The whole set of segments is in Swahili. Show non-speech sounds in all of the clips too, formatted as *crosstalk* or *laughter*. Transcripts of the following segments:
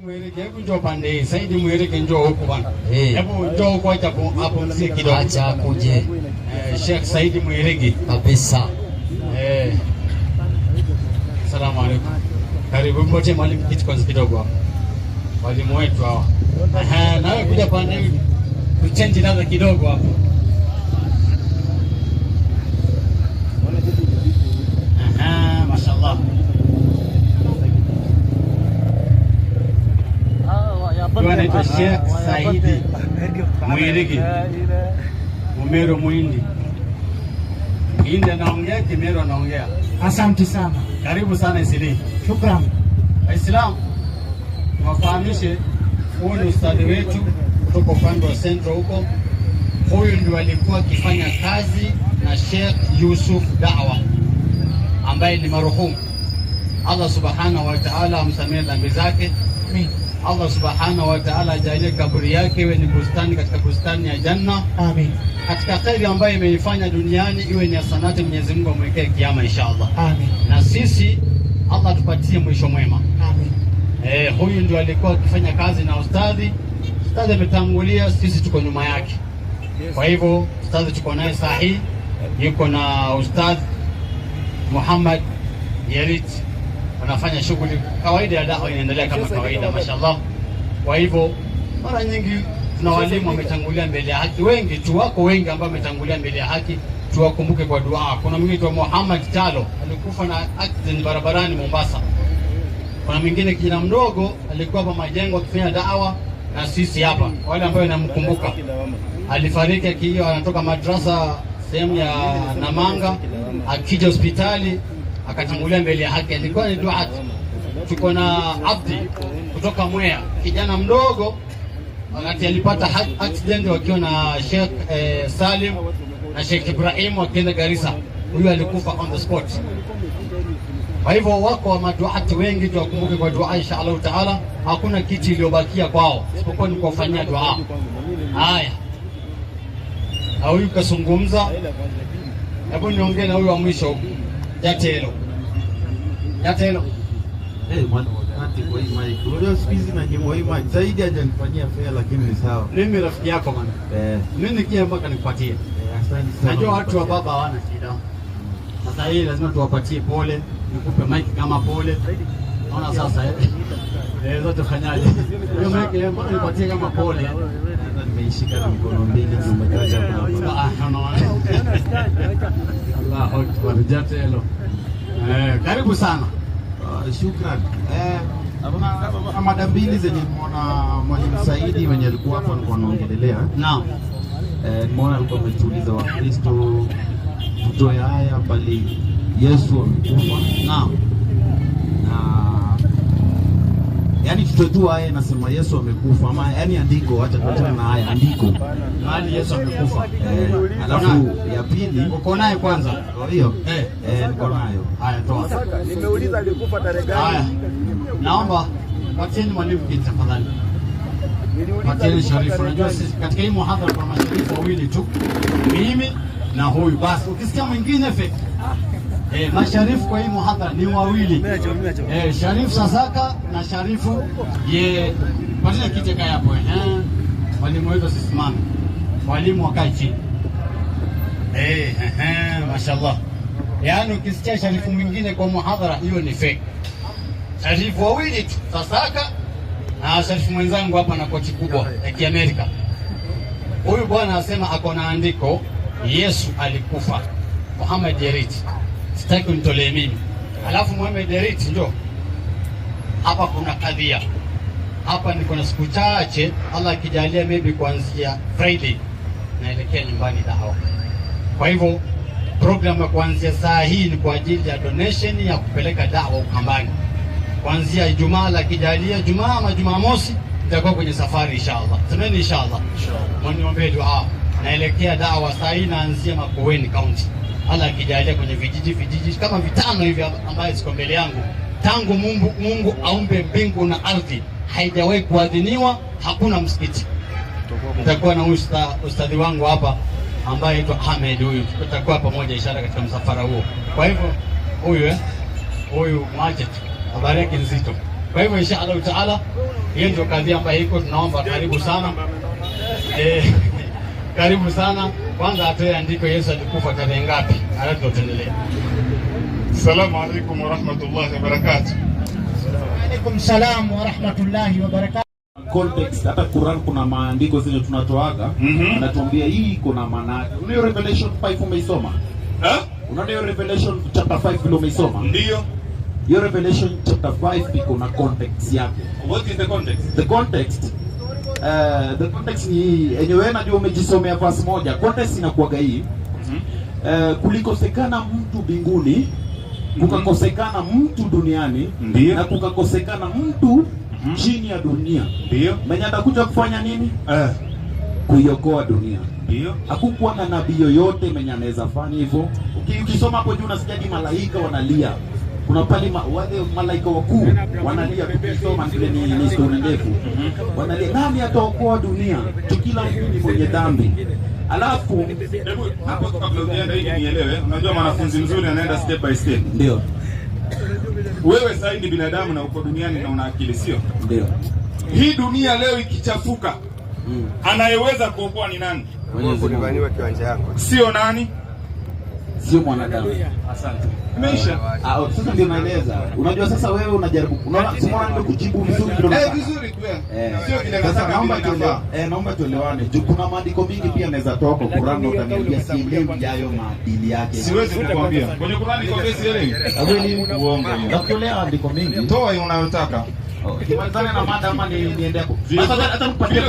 Mweleke, hebu njoo acha hapo eh, Sheikh Saidi mweleke. Kabisa. Eh. alaykum. Karibu mpote mwalimu kiti kwanza kidogo hapo. wetu hawa. nawe kuja pande hii. Kuchange ladha kidogo hapo. na Sheikh Saidi mwiriki Umero Mwindi. indi anaongea, Kimero anaongea. Asante sana, karibu sana Isilii. Shukrani. Waislamu, wafahamishe huyu ni ustadhi wetu kutoka upande wa Central huko. Huyu ndio alikuwa akifanya kazi na Sheikh Yusuf Dawa ambaye ni marhumu. Allah subhanahu wa ta'ala amsamehe dhambi zake. Amin. Allah subhanahu wa ta'ala ajalie kaburi yake iwe ni bustani katika bustani ya janna. Amin. Katika kheri ambayo imeifanya duniani iwe ni asanati Mwenyezi Mungu amwekee kiama inshallah. Amin. Na sisi Allah tupatie mwisho mwema. Amin. Eh, huyu ndio alikuwa akifanya kazi na ustadhi. Ustadhi ametangulia, sisi tuko nyuma yake. Kwa hivyo ustadhi tuko naye sahihi, yuko na ustadhi Muhammad Yelit wanafanya shughuli kawaida ya dawa inaendelea kama kawaida, mashallah. Kwa hivyo mara nyingi tuna walimu wametangulia mbele ya haki, wengi tu wako wengi ambao wametangulia mbele ya haki, tuwakumbuke kwa dua. Kuna mwingine tu Muhammad Talo alikufa na accident barabarani Mombasa. Kuna mwingine kijana mdogo alikuwa hapa majengo akifanya dawa na sisi hapa, wale ambao namkumbuka, alifariki akiwa anatoka madrasa sehemu ya Namanga akija hospitali akatangulia mbele ya haki, alikuwa ni Duati. Tuko na Abdi kutoka Mwea, kijana mdogo, wakati alipata accident wakiwa na Sheikh eh, Salim na Sheikh Ibrahim wakienda Garissa, huyu alikufa on the spot. Kwa hivyo wako wa maduati wengi, tuwakumbuke kwa dua insha Allahu taala. Hakuna kiti iliyobakia kwao isipokuwa ni kuwafanyia dua. Haya, na huyu kazungumza, hebu niongee na huyu wa mwisho huku Jatelo. Jatelo. Hey, mwana kwa hii mike. Unajua siku hizi na nyimbo hii mike zaidi hajanifanyia fea lakini ni sawa. Mimi rafiki yako bwana. Eh. Mimi nikija mpaka nipatie. Eh, Najua watu wa baba hawana shida. Sasa hii lazima tuwapatie pole, nikupe mike kama pole. Ona sasa eh. Eh, zote fanyaje? Hiyo mike mpaka nipatie kama pole. Nimeishika na mkono mbili Ah, unaona. *laughs* Allahu akbar, Jatelo. Eh, karibu sana. Uh, ah, shukrani. Eh, mada mbili zenye mona Mwalimu Saidi mwenye alikuwa hapo alikuwa anaongelelea. Naam. Eh, nimeona alikuwa ametuuliza Wakristo tutoe haya bali Yesu amekufa. Naam. yani tutojua haya nasema Yesu amekufa ama yani andiko, acha tuachane na haya andiko, mahali Yesu amekufa. Eh, alafu ya pili uko naye kwanza, oh, hiyo eh, eh, niko nayo. Haya, toa. Nimeuliza alikufa tarehe gani? Haya, naomba wacheni mwalimu kiti tafadhali. Pateni Sharifu, unajua sisi katika hii muhadhara kuna masharifu wawili tu, mimi na huyu. Basi ukisikia mwingine fake Eh, na masharifu kwa hii muhadhara ni wawili Eh, Sharifu Sasaka na Sharifu ye patia kiteka eh. Walimu wetu sisimame. walimu wakae chini. eh, mashallah. Yaani ukisikia sharifu mwingine kwa muhadhara hiyo ni fake. Sharifu wawili tu, Sasaka na sharifu mwenzangu hapa na kochi kubwa ya Kiamerika. Huyu bwana anasema ako na andiko, Yesu alikufa, Muhammad Yeriti sitaki unitolee mimi. Alafu Mohamed Derit, njoo hapa, kuna kadhia hapa. Niko na siku chache, Allah akijalia, maybe kuanzia Friday naelekea nyumbani dawa. Kwa hivyo program ya kuanzia saa hii ni kwa ajili ya donation ya kupeleka dawa Ukambani. Kuanzia Ijumaa la kijalia, Jumaa ama Jumamosi nitakuwa kwenye safari inshallah. Semeni inshallah. Inshallah. Mwaniombee dua. Naelekea dawa saa hii naanzia Makueni County. Allah akijalia kwenye vijiji vijiji kama vitano hivi ambayo ziko mbele yangu, tangu Mungu, Mungu aumbe mbingu na ardhi haijawahi kuadhiniwa, hakuna msikiti. Nitakuwa na usta, ustadhi wangu hapa ambaye aitwa Ahmed, huyu tutakuwa pamoja ishara katika msafara huo. Kwa hivyo huyu eh, huyu Majid habari yake nzito. Kwa hivyo insha Allah taala, hiyo ndio kazi ambayo iko, tunaomba karibu sana eh, karibu sana. Kwanza atoe andiko Yesu alikufa tarehe ngapi, alafu tutaendelea. Asalamu alaykum wa rahmatullahi wa barakatuh. Wa alaykum salam wa rahmatullahi wa barakatuh. Context, hata Quran kuna maandiko zenye tunatoaga mm -hmm. Anatuambia hii kuna maana yake. Unayo Revelation 5 umeisoma? Eh? Unayo Revelation chapter 5 vile umeisoma? Ndio. Hiyo Revelation chapter 5 iko na context yake. What is the context? The context uh, the context ni hii yenye wewe umejisomea verse moja. Context inakuwaga hii uh, kulikosekana mtu binguni mhm. kukakosekana mtu duniani Ndiyo. na kukakosekana mtu mm. chini ya dunia ndio mwenye atakuja kufanya nini eh. kuiokoa dunia ndio hakukuwa na nabii yoyote menye anaweza fanya hivyo ukisoma hapo juu unasikia malaika wanalia kuna pale wale malaika wakuu wanalia, tukisoma vile ni historia ndefu, mhm. wanalia nani ataokoa dunia, tukila mtu ni mwenye dhambi. Alafu hebu hapo kabla ujaenda hili nielewe, unajua mwanafunzi mzuri anaenda step by step. Ndio wewe sasa ni binadamu na uko duniani na una akili, sio ndio? Hii dunia leo ikichafuka, mm. anayeweza kuokoa ni nani? Sio nani? sio mwanadamu. Asante. Imeisha. Ah, oh, sasa ndio naeleza. Unajua sasa wewe unajaribu. Unaona simuona ndio kujibu vizuri ndio. Eh, vizuri tu. eh. eh. Sio kile sasa naomba tuelewane. Eh, naomba tuelewane. Juu kuna maandiko mingi pia naweza toa kwa Qur'an na utaniambia elimu yayo maadili yake. Siwezi kukuambia. Kwenye Qur'an iko kesi ile. Kweli uongo. Nakutolea maandiko mingi. Toa unayotaka na mada ama niendea hata nipatie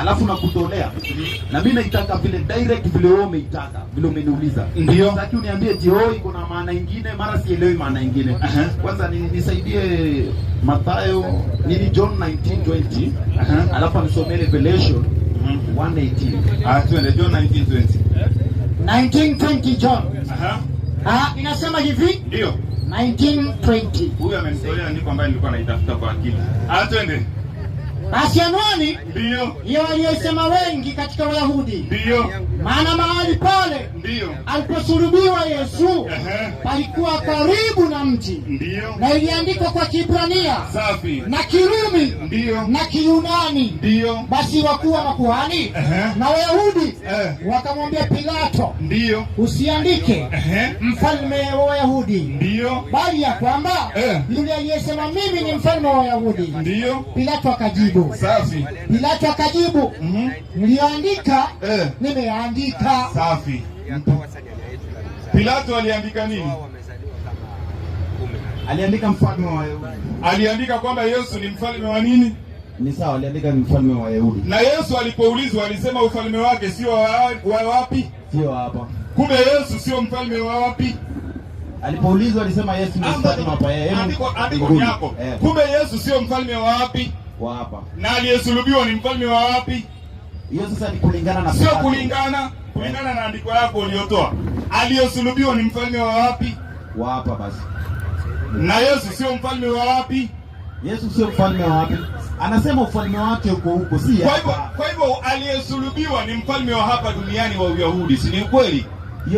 alafu nakutolea mhm. na mimi naitaka vile direct vile wewe umeitaka vile umeniuliza. Ndio sitaki uniambie jio iko maana ingine, mara sielewi maana ingine. Kwanza nisaidie Mathayo nini John 19:20 alafu anisomee Revelation 1:18. Mhm. Ah, tuende John 19:20 19:20 John. Aha. Ah, inasema hivi? Ndio. 1920. Huyu amenitolea andiko ambayo nilikuwa naitafuta kwa akili. Atwende. Basi anwani ndio hiyo waliyosema wengi katika Wayahudi. Ndio maana mahali pale aliposulubiwa Yesu palikuwa karibu na mji Ndiyo. na iliandikwa kwa Kibrania Safi. na Kirumi Ndiyo. na Kiyunani Ndiyo. Basi wakuu wa makuhani na Wayahudi eh. wakamwambia Pilato, Ndiyo. usiandike mfalme wa Wayahudi, bali ya kwamba eh. yule aliyesema mimi ni mfalme wa Wayahudi. Pilato akajibu Safi. Pilato akajibu mhm. niliyoandika eh. nimeandika aliandika safi. Pilato aliandika nini? Aliandika mfalme wa Wayahudi. Aliandika kwamba Yesu ni mfalme wa nini? Ni sawa, aliandika ni mfalme wa Wayahudi. Na Yesu alipoulizwa alisema ufalme wake sio wa wapi? Sio hapa. Kumbe Yesu sio mfalme wa wapi? Alipoulizwa alisema Yesu ni mfalme hapa. Eh, eh, andiko eh, andiko yako. Kumbe Yesu sio mfalme wa wapi? Wa hapa. Na aliyesulubiwa ni mfalme wa wapi? Hiyo sasa ni kulingana na, sio kulingana kulingana na andiko lako uliotoa. Aliyosulubiwa ni mfalme wa wapi? Wa hapa basi. Na Yesu sio mfalme wa wapi? Yesu sio mfalme wa wapi? Anasema ufalme wake uko huko, si kwa hivyo. Kwa hivyo aliyesulubiwa ni mfalme wa hapa duniani wa Uyahudi, si ni ukweli?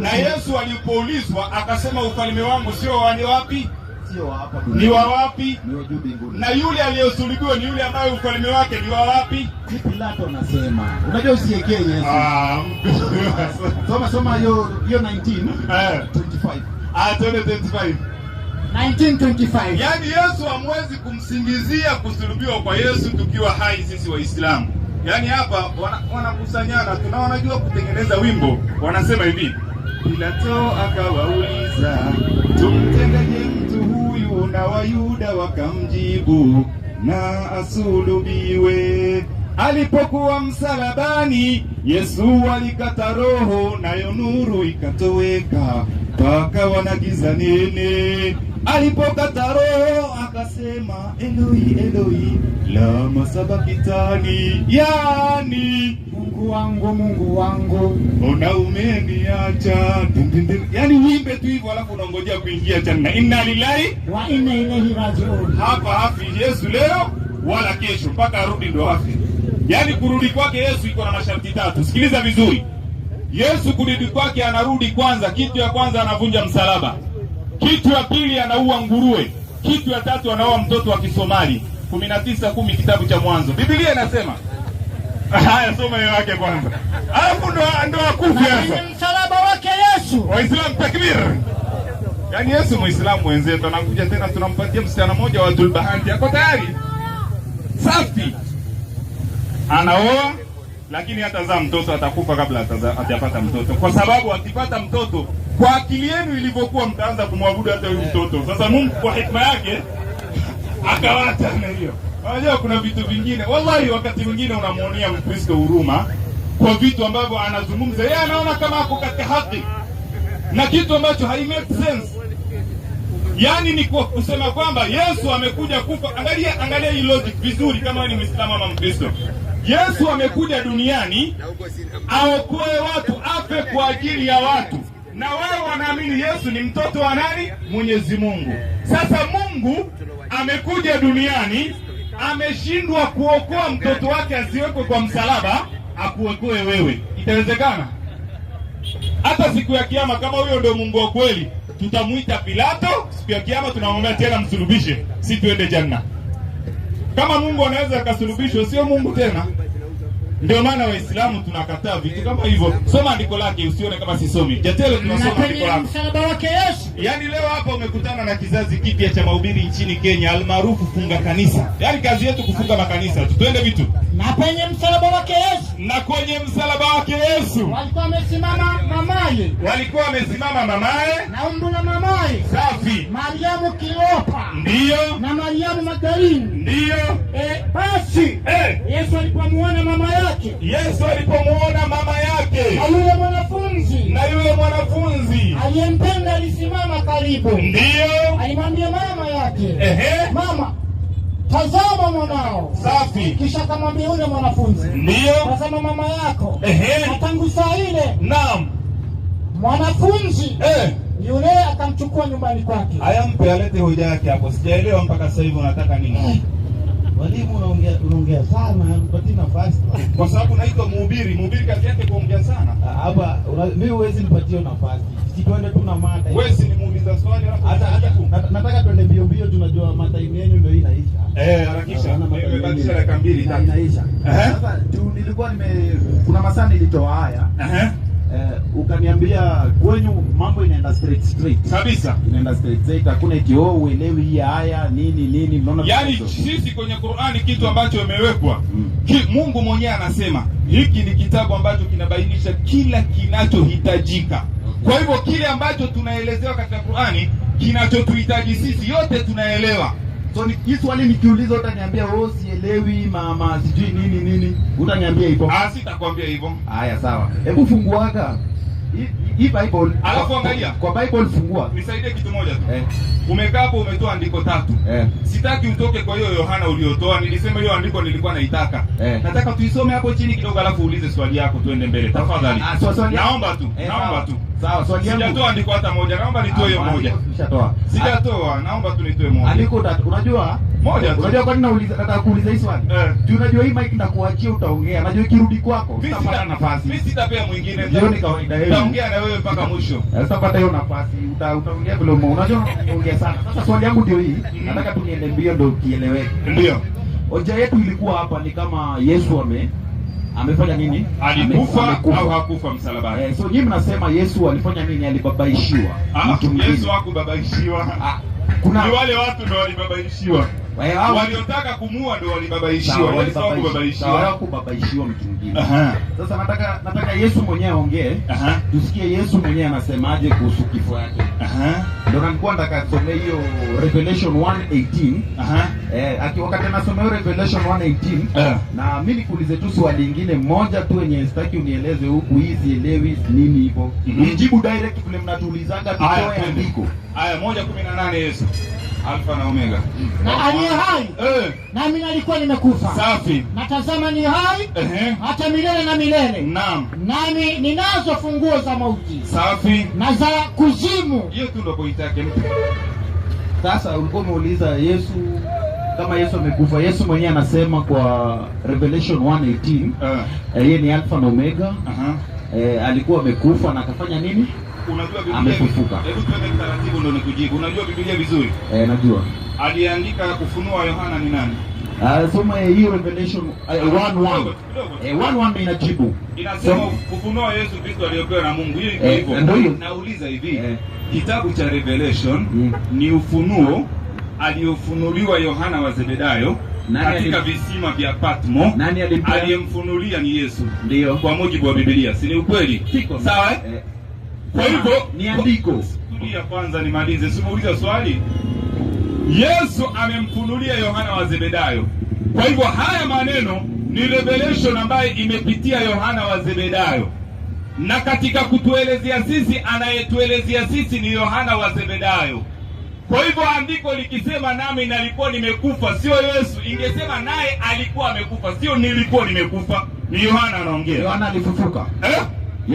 Na Yesu alipoulizwa akasema ufalme wangu sio wa wapi? ni wa wapi? Na yule aliyosulubiwa ni yule ambaye ufalme wake ni wa wapi? Pilato anasema, unajua usiekee Yesu. Ah, soma soma hiyo hiyo 19 25. Eh. Ah, 25. 1925. Yaani Yesu hamwezi kumsingizia kusulubiwa kwa Yesu tukiwa hai sisi Waislamu. Yaani hapa wanakusanyana wana tunawanajua kutengeneza wimbo, wanasema hivi Pilato akawa Yuda wakamjibu na asulubiwe. Alipokuwa msalabani, Yesu alikata roho, nayo nuru ikatoweka, mpaka wanagiza giza nene Alipokata roho akasema Eloi Eloi lama sabakitani, yani Mungu wangu Mungu wangu ona umeniacha. Yani uimbe tu hivyo, alafu unaongojea kuingia janna. Inna lillahi wa inna ilaihi rajiun. Hapa hafi Yesu leo wala kesho, mpaka arudi ndo hafi. Yani kurudi kwake Yesu iko na masharti tatu. Sikiliza vizuri, Yesu kurudi kwake anarudi kwanza, kitu ya kwanza anavunja msalaba kitu ya pili anaua nguruwe, kitu ya tatu anaoa mtoto wa Kisomali. kumi na tisa kumi kitabu cha Mwanzo, Biblia inasema *laughs* haya. Soma hiyo yake kwanza, alafu ndo ndo akufi sasa. Msalaba wake Yesu, Waislamu takbir. Yaani Yesu Muislamu wenzetu anakuja tena, tunampatia msichana mmoja wa Dulbahanti, ako tayari safi, anaoa lakini hata zaa mtoto, atakufa kabla hajapata mtoto, kwa sababu akipata mtoto kwa akili yenu ilivyokuwa, mtaanza kumwabudu hata huyu mtoto. Sasa Mungu kwa hikma yake akawacha na hiyo. Unajua kuna vitu vingine, wallahi, wakati mwingine unamwonea Mkristo huruma kwa vitu ambavyo anazungumza yeye, anaona kama ako katika haki na kitu ambacho hai make sense. Yaani ni kwa kusema kwamba Yesu amekuja kufa. Angalia, angalia hii logic vizuri, kama ni Muislamu ama Mkristo. Yesu amekuja duniani aokoe watu, afe kwa ajili ya watu na wao wanaamini Yesu ni mtoto wa nani? Mwenyezi Mungu. Sasa Mungu amekuja duniani, ameshindwa kuokoa mtoto wake asiwekwe kwa msalaba, akuokoe wewe. Itawezekana? Hata siku ya Kiyama, kama huyo ndio Mungu wa kweli, tutamwita Pilato siku ya Kiyama, tunamwambia tena, msulubishe, si tuende janna. Kama Mungu anaweza akasulubishwa, sio Mungu tena. Ndio maana Waislamu tunakataa vitu kama hivyo. Soma andiko lake, usione kama sisomi. Jatelo, tunasoma andiko lake, msalaba wake Yesu. Yaani leo hapa umekutana na kizazi kipya cha mahubiri nchini Kenya, almaarufu funga kanisa. Yaani kazi yetu kufunga makanisa, tupende vitu na penye msalaba wake Yesu, na kwenye msalaba wake Yesu walikuwa wamesimama mamaye, walikuwa wamesimama mamaye na umbu na mamaye safi, Mariamu Kilopa ndiyo na Mariamu Magdalini ndiyo. Eh, basi eh, Yesu alipomuona mamaye Yesu alipomwona mama yake na yule mwanafunzi na yule mwanafunzi aliyempenda alisimama karibu, ndiyo alimwambia mama yake, ehe, mama Tazama mwanao. Safi. Kisha kamwambia yule mwanafunzi. Ndio. Tazama mama yako. Ehe. Na tangu saa ile. Naam. Mwanafunzi. Eh. Yule akamchukua nyumbani kwake. Aya, mpe alete hoja yake hapo. Sijaelewa mpaka sasa hivi unataka nini? Eh. Walimu unaongea unaongea sana, hatupati nafasi kwa sababu naitwa mhubiri. Mhubiri kazi yake kuongea sana. Ah, hapa mimi huwezi nipatie nafasi, twende tu na mada. Wewe si nimuuliza swali, hata hata nataka twende mbio mbio, tunajua mada yenu ndio inaisha. Eh, harakisha, nimebadilisha dakika mbili inaisha. Eh? Sasa nilikuwa nime kuna masaa nilitoa haya eh, eh? Uh, ukaniambia kwenyu mambo inaenda straight straight kabisa, inaenda straight straight, hakuna kio oh, uelewi hii haya nini nini. Mnaona yani sisi kwenye Qur'ani kitu ambacho imewekwa mm. Mungu mwenyewe anasema hiki ni kitabu ambacho kinabainisha kila kinachohitajika. Kwa hivyo kile ambacho tunaelezewa katika Qur'ani kinachotuhitaji sisi yote tunaelewa. So hii swali nikiuliza, utaniambia wewe sielewi, mama sijui nini nini, utaniambia hivyo? Ah, sitakwambia hivyo. Haya, sawa. Hebu funguaka hii Bible, alafu angalia kwa Bible, fungua. Nisaidie kitu moja tu eh. Umekaa hapo umetoa andiko tatu eh. Sitaki utoke kwa hiyo Yohana uliotoa. Nilisema hiyo andiko nilikuwa naitaka eh. Nataka tuisome hapo chini kidogo, alafu uulize swali yako, tuende mbele tafadhali. Ah, so, so, naomba tu eh, naomba tu Sawa, swali yangu sijatoa andiko hata moja. Naomba nitoe hiyo moja. Sijatoa. Sijatoa, naomba tu nitoe moja. Andiko unajua? Moja tu. Unajua kwa nini nauliza nataka kuuliza hii swali? Eh. unajua hii mic ndakuachia utaongea. Najua ikirudi kwako utapata nafasi. Mimi sitapea mwingine. Hiyo ni kawaida yenu. Utaongea na wewe mpaka mwisho. Eh, sitapata hiyo nafasi. Utaongea bila umo. Unajua unaongea sana. Sasa swali yangu ndio hii. Mm-hmm. Nataka tu mbio ndio kieleweke. Ndio. Hoja yetu ilikuwa hapa ni kama Yesu ame amefanya nini? Alikufa au hakufa msalabani? Eh, so nyinyi mnasema Yesu alifanya nini? Alibabaishiwa. Ah, Yesu hakubabaishiwa. Ah, kuna wale watu ndio walibabaishiwa waliotaka kumuua ndio walibabaishiwa, walibabaishiwa mtu mwingine. Sasa nataka nataka Yesu mwenyewe aongee, tusikie Yesu mwenyewe anasemaje kuhusu kifo yake. Ndio nilikuwa nataka hiyo Revelation 1:18. Eh, aki wakati anasomea Revelation 1:18 na mimi nikuulize tu swali lingine moja tu yenye sitaki unieleze huku hii sielewi nini hivyo. Mjibu mhm. direct vile mnatuulizanga tutoe andiko. Aya 1:18 Yesu. Alfa na Omega, na aliye hai eh, nami nalikuwa nimekufa. Safi. Natazama ni hai eh, hata milele na milele. Naam. Nami ninazo funguo za mauti. Safi. Na za kuzimu. Hiyo tu ndio pointi yake. Sasa ulikuwa umeuliza Yesu kama Yesu amekufa. Yesu mwenyewe anasema kwa Revelation 1:18 eh, uh, yeye ni Alfa na Omega. Aha. Uh -huh. Eh, alikuwa amekufa na akafanya nini? amefufuka. Hebu tuende taratibu ndio nikujibu. Unajua Biblia vizuri? Eh, najua. Aliandika kufunua Yohana ni nani? Uh, soma hiyo Revelation 1:1. Eh, 1:1 eh, inajibu. Inasema kufunua Yesu Kristo aliyopewa na Mungu. Hiyo iko eh, hivyo. Ndio hiyo. Nauliza hivi. Eh. Kitabu cha Revelation mm. ni ufunuo aliyofunuliwa Yohana wa Zebedayo katika visima vya Patmo aliyemfunulia ni Yesu. Ndio. Kwa mujibu wa Biblia. Si ni ukweli? Sawa? eh? Kwa hivyo ni andiko ya kwanza, nimalize, simuuliza swali. Yesu amemfunulia Yohana wa Zebedayo. Kwa hivyo haya maneno ni revelation ambayo imepitia Yohana wa Zebedayo, na katika kutuelezea sisi, anayetuelezea sisi ni Yohana wa Zebedayo. Kwa hivyo andiko likisema nami nalikuwa nimekufa, sio Yesu. Ingesema naye alikuwa amekufa, sio nilikuwa nimekufa. Ni Yohana anaongea. Yohana alifufuka eh?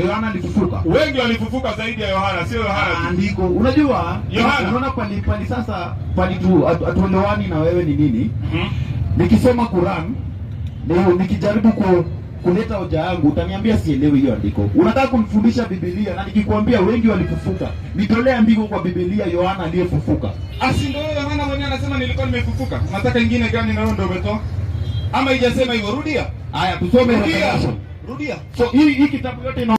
Yohana alifufuka. Wengi walifufuka zaidi ya Yohana, sio Yohana. Andiko. Unajua? Yohana. Unaona kwa pali sasa pali tu atuelewani na wewe ni nini? mm Nikisoma Quran, leo nikijaribu ku kuleta hoja yangu utaniambia sielewi hiyo andiko. Unataka kumfundisha Biblia na nikikwambia wengi walifufuka. nitolea andiko kwa Biblia Yohana aliyefufuka. Asi ndio Yohana mwenyewe anasema nilikuwa nimefufuka. Unataka ingine gani na wewe ndio umetoa? Ama ijasema hivyo rudia. Haya tusome rudia. Rudia. So hii hii kitabu yote ina